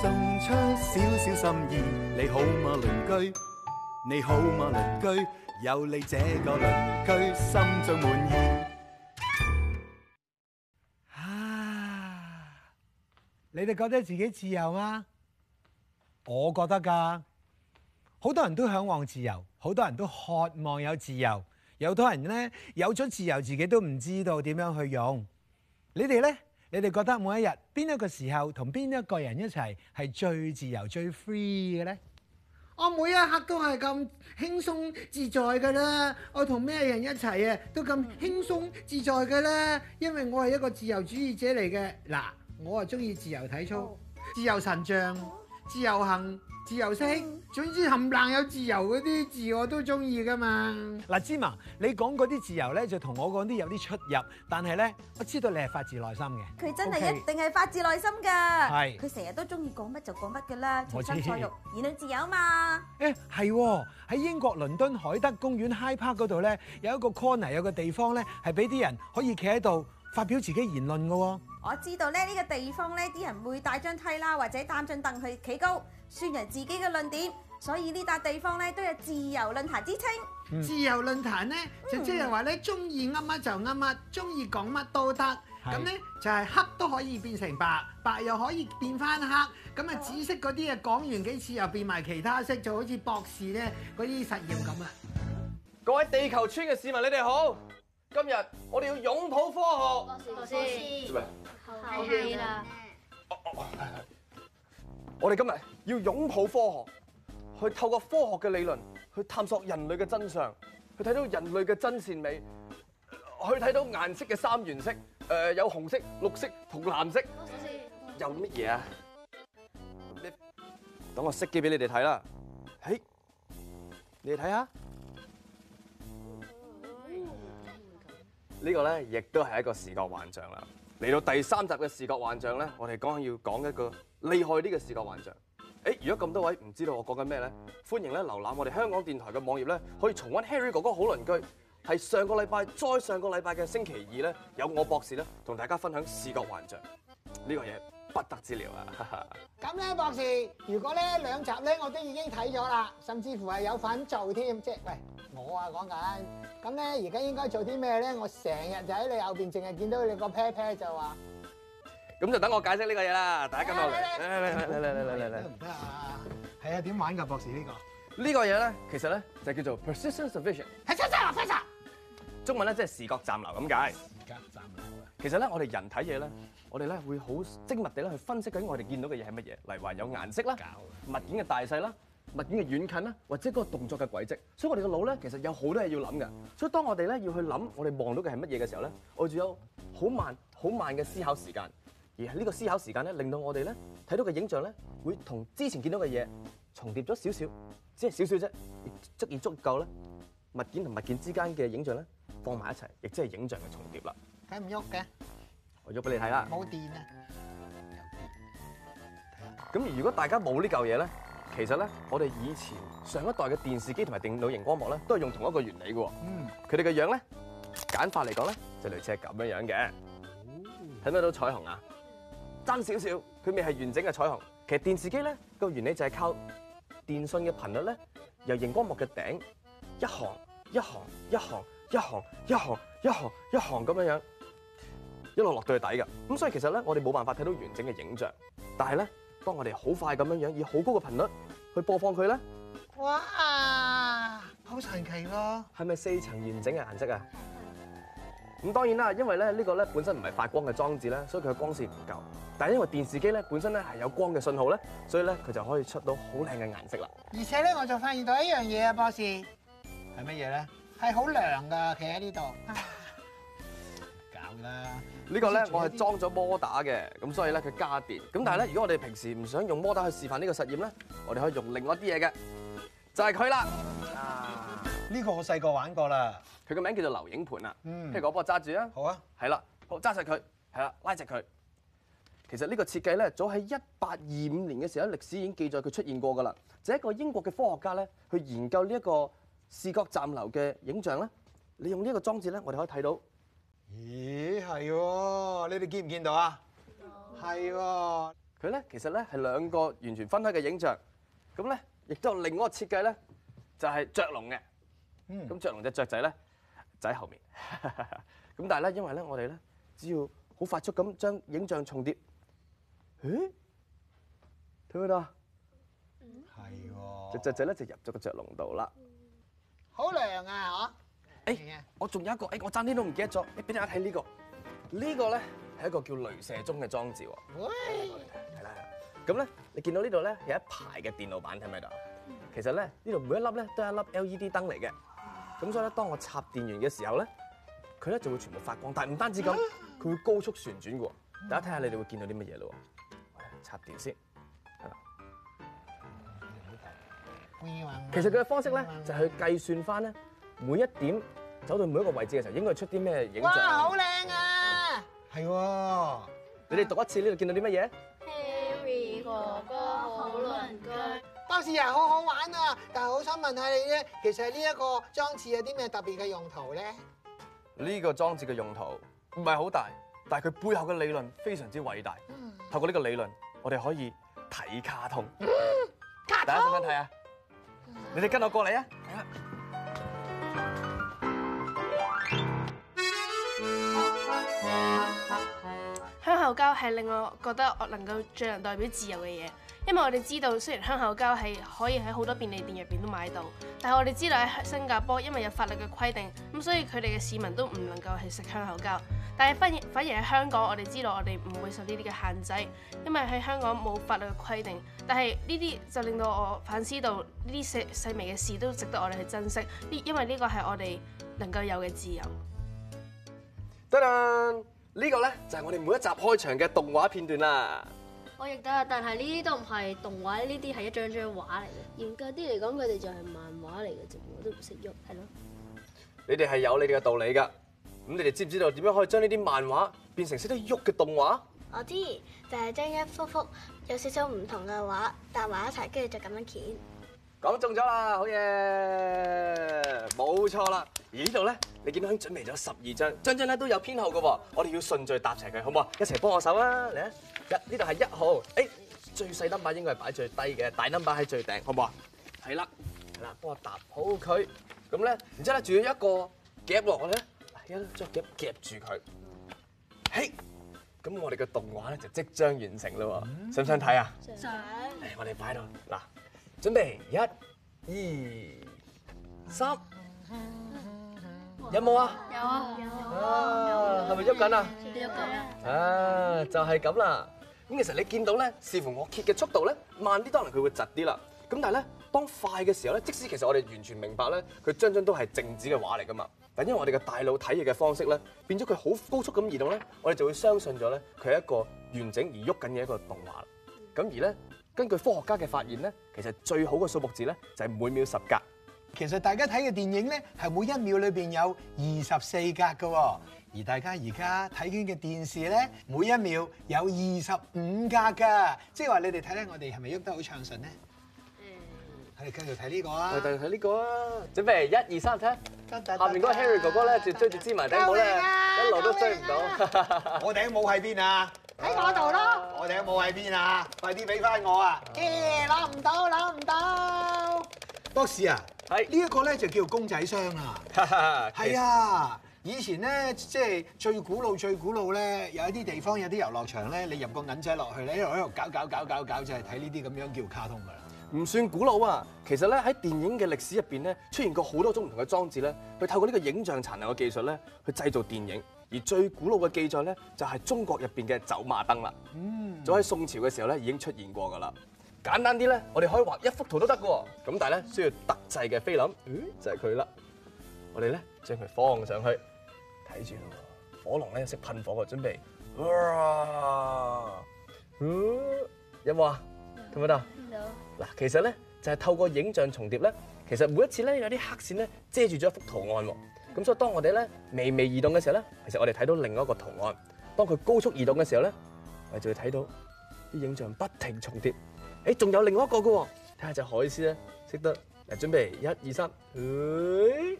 送出少少心意，你好嗎，鄰居？你好嗎，鄰居？有你這個鄰居，心中滿意。啊，你哋覺得自己自由嗎？我覺得噶，好多人都向往自由，好多人都渴望有自由，有多人呢，有咗自由自己都唔知道點樣去用。你哋呢？你哋覺得每一日邊一個時候同邊一個人一齊係最自由最 free 嘅呢？我每一刻都係咁輕鬆自在㗎啦。我同咩人一齊啊，都咁輕鬆自在㗎啦。因為我係一個自由主義者嚟嘅。嗱，我係中意自由體操、自由神像。自由行、自由升，總之冚唪唥有自由嗰啲字我都中意噶嘛。嗱，芝麻，你講嗰啲自由咧，就同我講啲有啲出入，但係咧，我知道你係發自內心嘅。佢真係一定係發自內心㗎。係。佢成日都中意講乜就講乜㗎啦。菜生菜肉，言論自由嘛。誒，係喎，喺英國倫敦海德公園 Hyde Park 嗰度咧，有一個 corner，有個地方咧，係俾啲人可以企喺度，發表自己言論嘅喎，我知道咧呢、呢個地方咧，啲人會帶張梯啦，或者擔張凳去企高，宣揚自己嘅論點。所以呢笪地方咧都有自由論壇之稱。嗯、自由論壇咧，就即係話咧，中意啱乜就啱乜，中意講乜都得。咁咧是的 就係、是、黑都可以變成白，白又可以變翻黑。咁啊，紫色嗰啲嘢講完幾次又變埋其他色，就好似搏試咧嗰啲實驗咁啊。嗯、各位地球村嘅市民，你哋好。今日我哋要擁抱科學，老師，準備，後戲啦。我我我，我哋今日要擁抱科學，去透過科學嘅理論去探索人類嘅真相，去睇到人類嘅真善美，去睇到顏色嘅三原色，誒，有紅色、綠色同藍色。有乜嘢啊？等我熄機俾你哋睇啦。嘿，你睇下。呢個呢，亦都係一個視覺幻象啦。嚟到第三集嘅視覺幻象呢，我哋講要講一個厲害啲嘅視覺幻象。誒，如果咁多位唔知道我講緊咩呢，歡迎呢，瀏覽我哋香港電台嘅網頁呢，可以重温 Harry 哥哥好鄰居。係上個禮拜再上個禮拜嘅星期二呢，有我博士呢同大家分享視覺幻象呢個嘢。不得治療啊！咁 咧，博士，如果呢兩集咧我都已經睇咗啦，甚至乎係有份做添。即係喂，我啊講緊，咁咧而家應該做啲咩咧？我成日就喺你後邊，淨係見到你個 pair pair 就話，咁就等我解釋呢個嘢啦。大家跟落嚟，嚟嚟嚟嚟嚟嚟嚟嚟唔得啊？係啊，點玩㗎，啊？博士，呢個，個呢個呢個嘢咧，其實咧就叫做 Persistence of Vision，係清晰畫中文咧即係視覺暫留咁解。其實咧，我哋人睇嘢咧，我哋咧會好精密地咧去分析緊我哋見到嘅嘢係乜嘢。例如話有顏色啦，物件嘅大細啦，物件嘅遠近啦，或者嗰個動作嘅軌跡。所以我哋個腦咧，其實有好多嘢要諗嘅。所以當我哋咧要去諗我哋望到嘅係乜嘢嘅時候咧，我哋仲有好慢、好慢嘅思考時間。而係呢個思考時間咧，令到我哋咧睇到嘅影像咧，會同之前見到嘅嘢重疊咗少少，即係少少啫，亦足以足夠咧物件同物件之間嘅影像咧放埋一齊，亦即係影像嘅重疊啦。睇唔喐嘅，我喐俾你睇啦。冇電啊！咁如果大家冇呢嚿嘢咧，其實咧，我哋以前上一代嘅電視機同埋電腦熒光幕咧，都係用同一個原理嘅。嗯。佢哋嘅樣咧，簡化嚟講咧，就類似係咁樣樣嘅。睇唔到彩虹啊？爭少少，佢未係完整嘅彩虹。其實電視機咧個原理就係靠電訊嘅頻率咧，由熒光幕嘅頂一行一行一行一行一行一行一行咁樣樣。一路落到去底噶，咁所以其實咧，我哋冇辦法睇到完整嘅影像。但係咧，當我哋好快咁樣樣，以好高嘅頻率去播放佢咧，哇，好神奇咯！係咪四層完整嘅顏色啊？咁當然啦，因為咧呢個咧本身唔係發光嘅裝置咧，所以佢光線唔夠。但係因為電視機咧本身咧係有光嘅信號咧，所以咧佢就可以出到好靚嘅顏色啦。而且咧，我就發現到一樣嘢啊，博士，係乜嘢咧？係好涼噶，企喺呢度，搞啦！這個呢個咧，我係裝咗摩打嘅，咁所以咧佢加電。咁、嗯、但係咧，如果我哋平時唔想用摩打去示範呢個實驗咧，我哋可以用另外啲嘢嘅，就係佢啦。啊，呢個我細個玩過啦。佢個名叫做留影盤啊。嗯。跟住我幫揸住啊。好啊。係啦，揸實佢。係啦，拉直佢。其實這個設計呢個設計咧，早喺一八二五年嘅時候，歷史已經記載佢出現過㗎啦。就是、一個英國嘅科學家咧，去研究呢一個視覺暫留嘅影像咧。你用這裝呢一個裝置咧，我哋可以睇到。咦，係喎？你哋見唔見到啊？係喎。佢咧，其實咧係兩個完全分開嘅影像。咁咧，亦都有另嗰個設計咧，就係雀籠嘅。咁雀籠隻雀仔咧，就喺後面。咁但係咧，因為咧我哋咧，只要好快速咁將影像重疊。咦？睇唔到啊？係喎。隻雀仔咧就入咗個雀籠度啦。好靚啊！嗬。誒、欸，我仲有一個誒、欸，我爭啲都唔記得咗，俾、欸、大家睇呢、這個，呢、這個咧係一個叫鐳射鐘嘅裝置。係啦喂，咁咧你見到呢度咧有一排嘅電腦板喺咪度，其實咧呢度每一粒咧都係一粒 LED 燈嚟嘅，咁所以咧當我插電源嘅時候咧，佢咧就會全部發光，但係唔單止咁，佢會高速旋轉嘅。大家睇下你哋會見到啲乜嘢咯。插電先，係啦。其實佢嘅方式咧就係去計算翻咧。每一點走到每一個位置嘅時候，應該出啲咩影像？哇，好靚啊！係喎，你哋讀一次呢度見到啲乜嘢？Harry 哥哥好鄰居，包廂又好好玩啊！但係好想問下你咧，其實呢一個裝置有啲咩特別嘅用途咧？呢個裝置嘅用途唔係好大，但係佢背後嘅理論非常之偉大。透過呢個理論，我哋可以睇卡通。大家想睇啊？你哋跟我過嚟啊！係啊！香口膠係令我覺得我能夠最能代表自由嘅嘢，因為我哋知道雖然香口膠係可以喺好多便利店入邊都買到，但係我哋知道喺新加坡因為有法律嘅規定，咁所以佢哋嘅市民都唔能夠係食香口膠。但係反而反而喺香港，我哋知道我哋唔會受呢啲嘅限制，因為喺香港冇法律嘅規定。但係呢啲就令到我反思到呢啲細細微嘅事都值得我哋去珍惜，呢因為呢個係我哋能夠有嘅自由。得啦，呢個咧就係我哋每一集開場嘅動畫片段啦。我亦得，但係呢啲都唔係動畫，呢啲係一張張畫嚟嘅。嚴格啲嚟講，佢哋就係漫畫嚟嘅啫，我都唔識喐，係咯。你哋係有你哋嘅道理㗎。咁你哋知唔知道點樣可以將呢啲漫畫變成識得喐嘅動畫？我知，就係、是、將一幅幅有少少唔同嘅畫搭埋一齊，跟住就咁樣攣。講中咗啦，好嘢，冇錯啦。而呢度咧。你見到佢準備咗十二張，張張咧都有編號嘅喎，我哋要順序搭齊佢，好唔好啊？一齊幫我手啊！嚟啊！一呢度係一號，誒最細冧巴應該係擺最低嘅，大冧巴喺最頂，好唔好啊？係啦，係啦，幫我搭好佢，咁咧，然之後咧仲要一個夾落我咧，用張夾夾住佢，嘿，咁我哋嘅動畫咧就即將完成啦喎，想唔想睇啊？想，我哋擺到嗱，準備一、二、三。有冇啊？有啊！有啊，係咪喐緊啊？少啲喐緊啊！啊，就係咁啦。咁其實你見到咧，視乎我揭嘅速度咧，慢啲當然佢會窒啲啦。咁但係咧，當快嘅時候咧，即使們其實我哋完全明白咧，佢張張都係靜止嘅畫嚟㗎嘛。但因為我哋嘅大腦睇嘢嘅方式咧，變咗佢好高速咁移動咧，我哋就會相信咗咧，佢係一個完整而喐緊嘅一個動畫。咁而咧，根據科學家嘅發現咧，其實最好嘅數目字咧就係每秒十格。其實大家睇嘅電影咧，係每一秒裏邊有二十四格嘅，而大家而家睇緊嘅電視咧，每一秒有二十五格嘅。即係話你哋睇咧，我哋係咪喐得好暢順咧？嗯，我哋繼續睇呢個啊，繼續睇呢個啊，準備一、二、三，睇下邊嗰個 Harry 哥哥咧，就追住芝麻頂帽咧，一路都追唔到。我頂帽喺邊啊？喺我度咯。我頂帽喺邊啊？快啲俾翻我啊！誒，攞唔到，攞唔到，博士啊！係呢一個咧就叫公仔箱啊！係啊，以前咧即係最古老、最古老咧，有一啲地方有啲遊樂場咧，你入個銀仔落去咧，喺度搞搞搞搞搞，就係睇呢啲咁樣叫卡通噶啦。唔算古老啊，其實咧喺電影嘅歷史入邊咧，出現過好多種唔同嘅裝置咧，去透過呢個影像殘留嘅技術咧，去製造電影。而最古老嘅記載咧，就係中國入邊嘅走馬燈啦。嗯，早喺宋朝嘅時候咧，已經出現過噶啦。簡單啲咧，我哋可以畫一幅圖都得嘅喎。咁但係咧，需要特製嘅菲林，嗯，就係佢啦。我哋咧將佢放上去，睇住火龍咧識噴火嘅準備有有。有冇啊？睇唔睇到？嗱，其實咧就係透過影像重疊咧。其實每一次咧有啲黑線咧遮住咗一幅圖案喎。咁所以當我哋咧微微移動嘅時候咧，其實我哋睇到另外一個圖案。當佢高速移動嘅時候咧，我哋就會睇到啲影像不停重疊。誒，仲有另外一個嘅喎，睇下隻海獅咧，識得準備一二三，誒，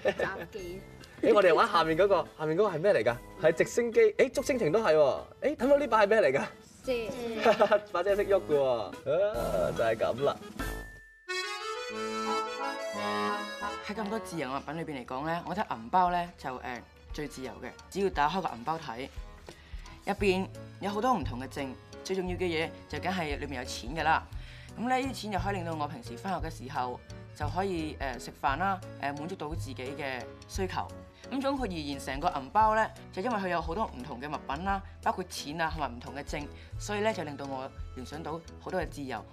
誒，雜技。誒，我哋玩下面嗰、嗰個， 下面嗰個係咩嚟㗎？係直升機。誒，竹蜻蜓都係。誒，睇到呢把係咩嚟㗎？車是。 把車識喐嘅喎。就係咁啦。喺咁、嗯嗯嗯、多自由物品裏邊嚟講咧，我睇得銀包咧就誒、嗯、最自由嘅，只要打開個銀包睇。入邊有好多唔同嘅證，最重要嘅嘢就梗係裏面有錢㗎啦。咁呢啲錢就可以令到我平時翻學嘅時候就可以誒食飯啦，誒滿足到自己嘅需求。咁總括而言，成個銀包呢，就因為佢有好多唔同嘅物品啦，包括錢啊同埋唔同嘅證，所以呢就令到我聯想到好多嘅自由。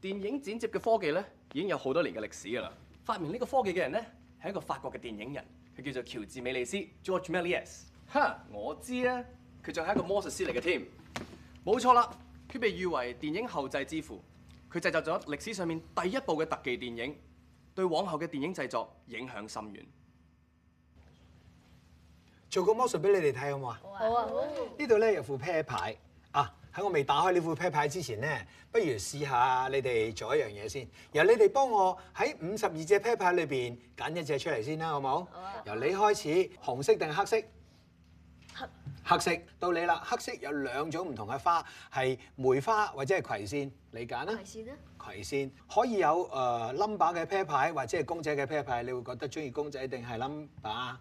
電影剪接嘅科技呢，已經有好多年嘅歷史㗎啦。發明呢個科技嘅人呢，係一個法國嘅電影人，佢叫做喬治美利斯 （George Melies）。哈！我知咧，佢仲係一個魔術師嚟嘅添，冇錯啦。佢被譽為電影後製之父，佢製作咗歷史上面第一部嘅特技電影，對往後嘅電影製作影響深遠。做個魔術俾你哋睇好冇啊？好啊！呢度咧有副啤牌啊，喺我未打開呢副啤牌之前咧，不如試下你哋做一樣嘢先。由你哋幫我喺五十二隻啤牌裏邊揀一隻出嚟先啦，好冇啊？好啊！好啊！由你開始，紅色定黑色？黑色。到你啦，黑色有兩種唔同嘅花，係梅花或者係葵扇，你揀啦。葵扇鮮啦。葵扇可以有誒冧把嘅啤牌或者係公仔嘅啤牌，仔你會覺得中意公仔定係冧把？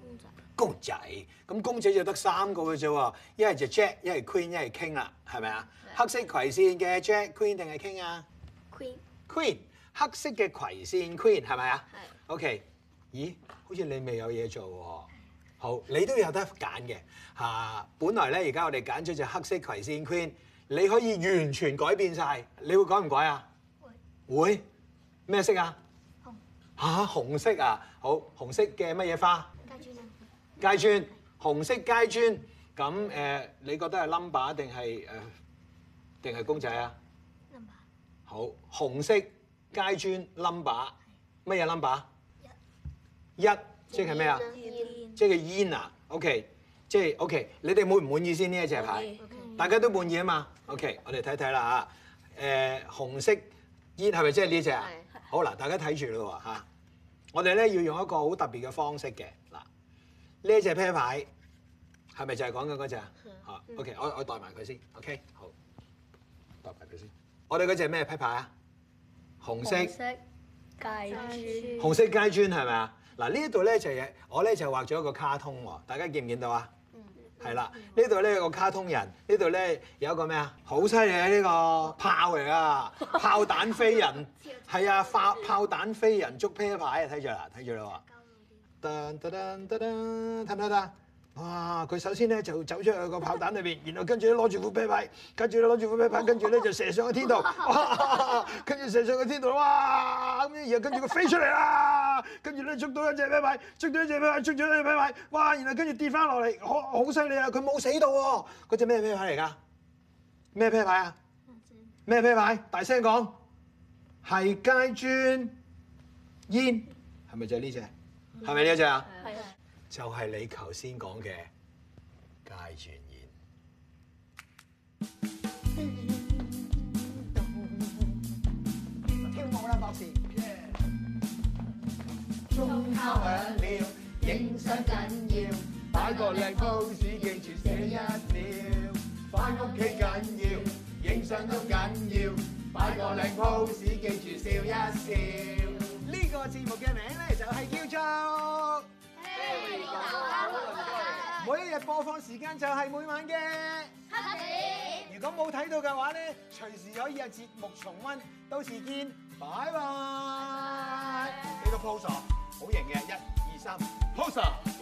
公仔。公仔。咁公，公仔就得三個嘅啫，一係就 Jack，一係 Queen，一係 King 啦，係咪啊？黑色葵扇嘅 Jack、Queen 定係 King 啊？Queen。Queen。黑色嘅葵扇 Queen 係咪啊？係。OK。咦，好似你未有嘢做喎。好，你都有得揀嘅嚇。本來咧，而家我哋揀咗隻黑色葵扇 Queen，你可以完全改變曬，你會改唔改啊？會，咩色啊？紅嚇，紅色啊！好，紅色嘅乜嘢花？街磚啊，街磚，紅色街磚。咁誒，你覺得係 number 定係誒定係公仔啊？number？好，紅色街磚 number，乜嘢 number？一，一即係咩啊？即係個煙啊，OK，即係 OK，你哋滿唔滿意先呢一隻牌？OK, OK，大家都滿意啊嘛，OK，我哋睇睇啦嚇。誒、呃，紅色煙係咪即係呢隻啊？的好啦，大家睇住咯喎嚇。我哋咧要用一個好特別嘅方式嘅嗱，呢一隻啤牌係咪就係講緊嗰隻啊？嚇的，OK，、嗯、我我代埋佢先，OK，好，代埋佢先。我哋嗰隻咩啤牌啊？紅色。紅色階磚，絲絲紅色階磚係咪啊？是嗱呢一度咧就係、是、我咧就畫咗一個卡通喎，大家見唔見到啊？係啦、嗯，呢度咧個卡通人，呢度咧有一個咩啊？好犀利啊！呢、這個炮嚟㗎，炮彈飛人，係啊，炮炮彈飛人捉啤牌啊！睇住啦，睇住啦喎。得得得得得，睇唔睇得啊？哇！佢首先咧就走出去個炮彈裏邊，然後跟住咧攞住副啤牌，跟住咧攞住副啤牌，跟住咧就射上個天度，哇！跟住射上個天度，哇！咁樣然後跟住佢飛出嚟啦，跟住咧捉到一隻啤牌，捉到一隻啤牌，捉到一隻啤牌，哇！然後跟住跌翻落嚟，好，好犀利啊！佢冇死到喎，嗰隻咩咩牌嚟㗎？咩啤牌啊？咩啤牌？大聲講，係街磚煙，係咪就呢隻？係咪呢隻啊？係呀！就係你頭先講嘅街傳言。每一日播放時間就係每晚嘅七點。啟如果冇睇到嘅話咧，隨時可以有節目重溫。到時見，拜拜。呢個 pose 好型嘅，一、二、三，pose。